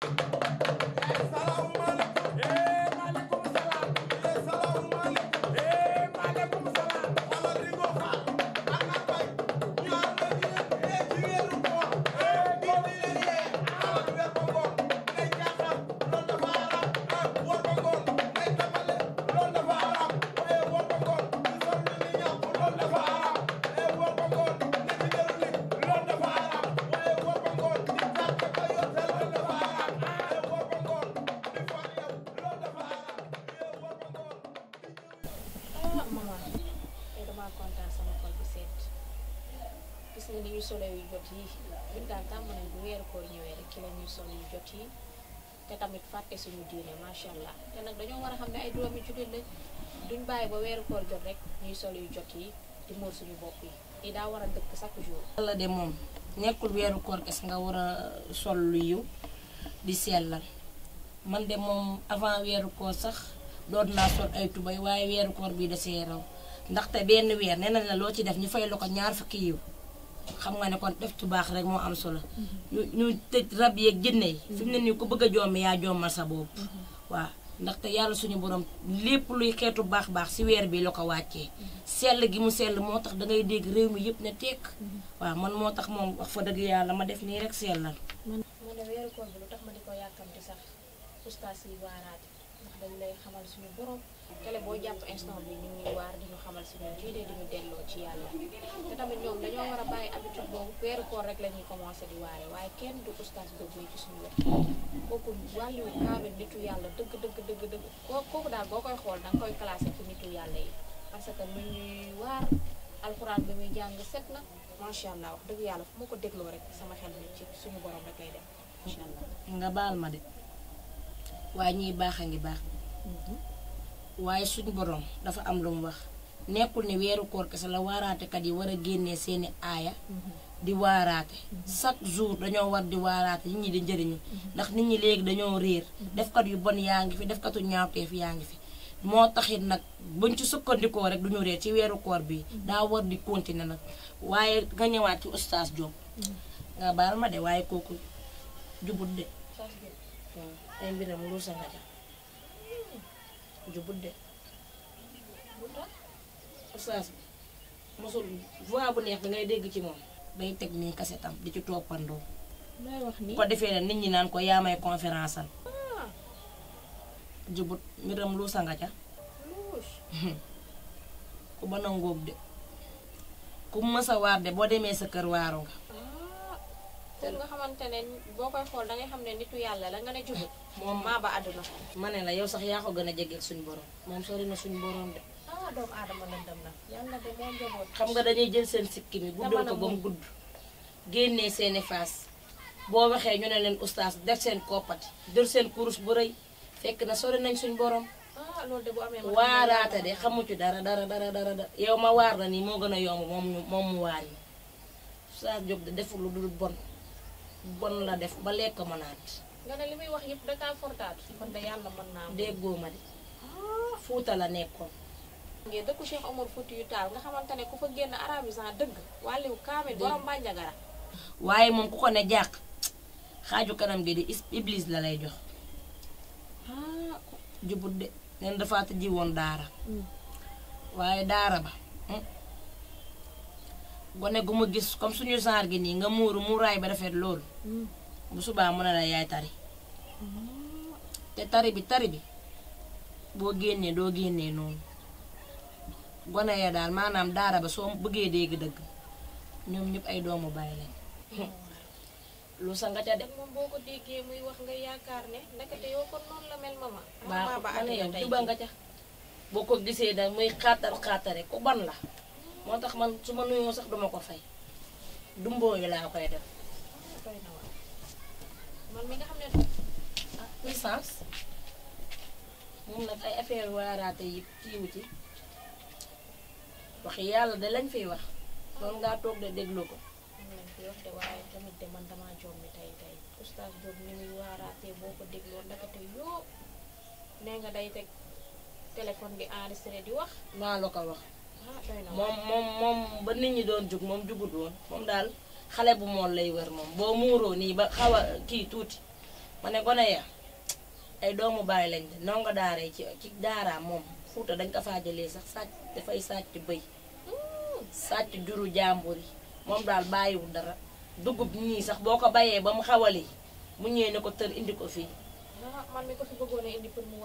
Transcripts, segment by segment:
Thank you ñu di ñu solo yu jot yi ñun daal tàmm nañ bu weeru koor ñuy jot yi te tamit fàtte suñu diine macha allah dañoo a ay doomi jullit lañ ba weeru koor jot rek ñuy sol yu jot yi di suñu bopp yi daa war a dëkk chaque jour. de moom nekkul weeru koor kes nga war a sol lu yiw di la man de moom avant weeru koor sax doon naa sol ay tubéy waaye weeru koor bii da see raw ndaxte benn weer nee loo ci def ñu fay la ko ñaar fukki yiw xam nga ne kon def tu baax rek moo am solo. ñu ñu tëj rab yeeg jënne yi. fi mu ne nii ku bëgg a joom yaa joomal sa bopp. waaw ndaxte yàlla suñu boroom lépp luy xeetu baax baax si weer bii la ko wàccee. sell gi mu sell moo tax dangay dégg réew mi yëpp ne tekk. waaw man moo tax moom wax fa dëgg yàlla ma def nii rek seel man man weeru koor ndax dañ lay xamal suñu borom. télé boo jàpp instant bi ñu ñuy waar di ñu xamal si ñun kii dee ñu delloo ci yàlla te tamit ñoom dañoo war a bàyyi habitude boobu weeru koor rek la ñuy commencé di waare waaye kenn du oustaz boobu ci suñu wet kooku wàllu kaamil nitu yàlla dëgg dëgg dëgg dëgg kooku daal boo koy xool danga koy classé ci nitu yàlla yi parce que lu ñuy waar alxuraan bi muy jàng set na macha allah dëgg yàlla fu ma ko dégloo rek sama xel mi ci suñu borom rek lay nga baal ma de waaye ñiy waaye suñu borom dafa am lu mu wax nekkul ne weeru koor kese la waaraatekat yi war a génnee seeni aaya di waaraate chaque jour dañoo war di waaraate nit ñi di njëriñu ndax nit ñi léegi dañoo réer defkat yu bon yaa ngi fi defkatu ñaawteef yaa ngi fi moo taxit nag buñ ci sukkandikoo rek duñu réer ci weeru koor bi daa war di continuer nag waaye nga ñëwaat ci oustaz Diop nga baal ma de waaye kooku jubut de jubudde ustaas bi mosul bu neex bi ngay dégg ci moom day teg nii kasetam di ci toppandoo ko defee nit ñi naan ko yaa may conférence al ah. jubut mbiram luusa nga ca ku ba nangóob de ku mës a waar de boo demee sa kër waaroo nga te lu nga xamante ne boo koy xool dangay xam ne nitu yàlla la nga ne jubut moom maa ba àdduna ma ne la yow sax yaa ko gën a jege suñu borom moom sori na suñu borom de ah, aadama lëndëm la yàlla de moom njaboot jël seen sikki mi guddoo ko ba mu gudd génnee seeni faas boo waxee ñu ne leen ustaas def seen koppati jël seen kurus bu rëy fekk na sori nañ suñu borom ah, loolu de bu amee waaraate de xamu ci dara dara dara dara yow ma waar na nii moo gën a yomb moom ñu mu waar yi ustaas Jóob de deful lu dul bon bon la def ba lekk ma naat. nga ne li muy wax yépp da kaa fortaat. yàlla mën naa déggoo ma de. Ah. Fuuta la nekkoon. ngeen dëkku Cheikh Omar yu taal nga xamante ne ku fa génn arabisant dëgg. wàllu kaamil borom bànjagara. waaye moom ku ko ne jàq xaaju kanam gi di iblis la lay jox. ah jubut de. neen dafa tëji daara. Mm. waaye daara ba. Mm. gone gu ma gis comme suñu genre gi nii nga muuru muuraay ba rafet loolu mm. bu subaa mën na la yaay tari te tari bi tari bi boo génnee doo génnee noonu gone ya daal maanaam daara ba soo bëggee dégg dëgg ñoom ñëpp ay doomu bàyyi lañ lu sa nga ca dem moom boo ko déggee muy wax nga yaakaar ne ndekete yoo kon noonu la mel mama ba yow juba nga ca boo ko gisee da muy xaatar xaatare ku ban la motax man suma ma nuyoo sax dama ko fay dumbo yi la koy def man mi nga xamne ne ah puissance moom nag ay affaire raté yi tiiwu ci wax yalla da lañ fay wax non nga tok de deglo ko wax de waaye tamit de man damaa jommi oustaz ni muy nga day téléphone di enregistré di wax maa la ko wax moom moom moom ba nit ñi doon jug moom jugut woon moom daal xale bu mool lay wër moom boo muuroo nii ba xaw a kii tuuti ma ne gone ya ay doomu bàyyi lañ de ndongo daara yi ci ci daaraam moom fuuta dañ ko faa jëlee sax sàcc dafay sàcc bëy sàcc juru jàmbur yi moom daal bàyyiwul dara dugub nii sax boo ko bayee ba mu xawali mu ñëwee ne ko tër indi ko fii ah, fi bëggoon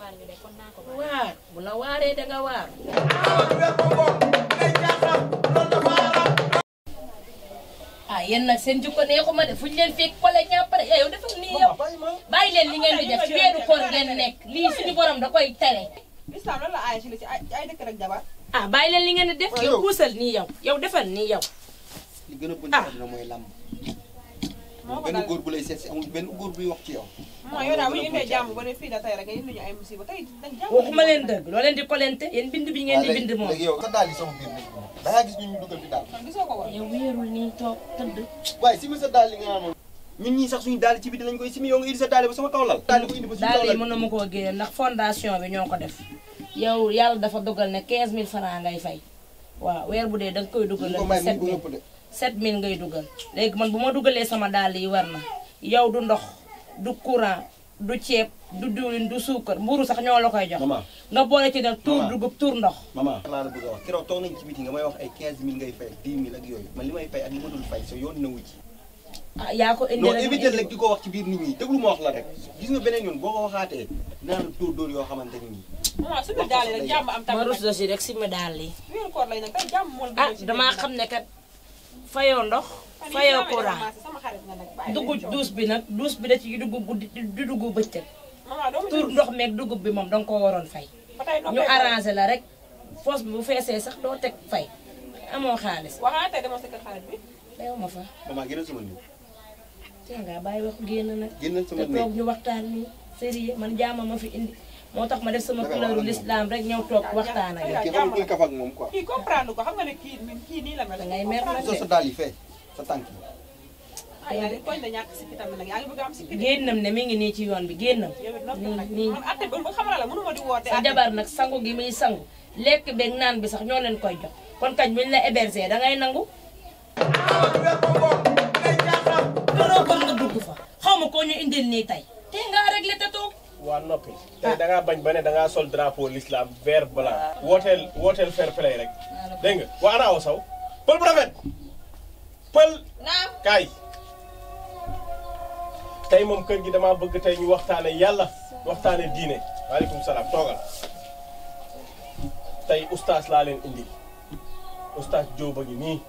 a naa ko waar bu la waaree danga waar ah, yéen nag seen jikko neexuma de fu ñu leen fekk kole ñàppare yow dafa nii yow bàyyi leen li ngeen di def ci weeru koor lii suñu borom da koy tere. la aaya ci la ci ay dëkk ah, leen li ngeen di def yow puusal nii yow yow defal nii yow. li gën a bon ah. dina mooy làmb. moo benn góor bu lay seet si amul benn góor buy wax ci yow. moo yow daal bu ñu indee leen dëgg loo leen di kolente bind bi ngeen di bind moom. léegi yow sa da gis ñun ñu dugal fi daal. ko woon yow wéerul nii toog tëdd. waaye si sa daal li nga amoon. ñun ñii sax suñu daal ci bi dinañ koy simi yow nga sa daal ba sama kaw lal. daal ko indi ba suñu kaw ndax fondation bi ñoo ko def yow yàlla dafa dogal ne 15000 francs ngay fay waaw weer bu dee da nga koy dugal. ko may mu ngi 7000 ngay dugal léegi man bu ma dugalee sama daal yi war na yow du ndox du courant du ceeb du diwlin du suukar mburu sax ñoo la koy jox. nga boole ci tuur dugub tuur ndox. maman xanaa a wax keroog toog nañ ci biti nga may wax ay 15000 ngay fay 10000 ak yooyu man li may fay ak li ma dul ah, di ko wax ci biir nit ñi déglu ma wax la rek gis nga beneen yoon boo ko waxaatee dinaa tuur dóor yoo xamante ne nii. waaw su ma daal rek jàmm rek si ma daal lii. ah damaa xam ne kat. fayoo ndox fayoo courant dugub duus bi nag duus bi da ci dugub bu di dugub bëccëg tur ndox meeg dugub bi moom danga ko waroon fay ñu arrangé la rek foos bi bu feesee sax doo teg fay amoo xaalis dew ma fa maman génn sama néeg te ngaa bàyyi wax génn nag te toog ñu waxtaan nii sérieux man jaama ma fi indi moo tax ma def sama couleuru l'islam rek ñëw toog waxtaan ak yow. kii xamul kuy kaf ak moom quoi. kii comprendre ko xam nga ne kii kii nii la mel. da ngay mer nag de sa daal yi fee sa tànk yi. ah yaa ngi koy ne ñàkk sikki tamit nag yaa ngi bëgg am sikki. génnam ne mi ngi nii ci yoon bi génnam. nii nii sa jabar nag sangu gi muy sangu lekk beeg naan bi sax ñoo leen koy jox kon kañ buñ la héberger da ngay nangu. Ah, xaw ma koo ñu indil nii tey waa noppi. ah da bañ ba ne danga sol drapo l'islam vert blanc. Ah. wooteel wooteel fair play rek. dégg nga waa ana aw saw. pël bu pël. kaay. tey moom kër gi damaa bëgg tey ñu waxtaane yàlla waxtaane diine. waaleykum salaam toogal. tey ustaas laa leen indi ustaas Diop a nii.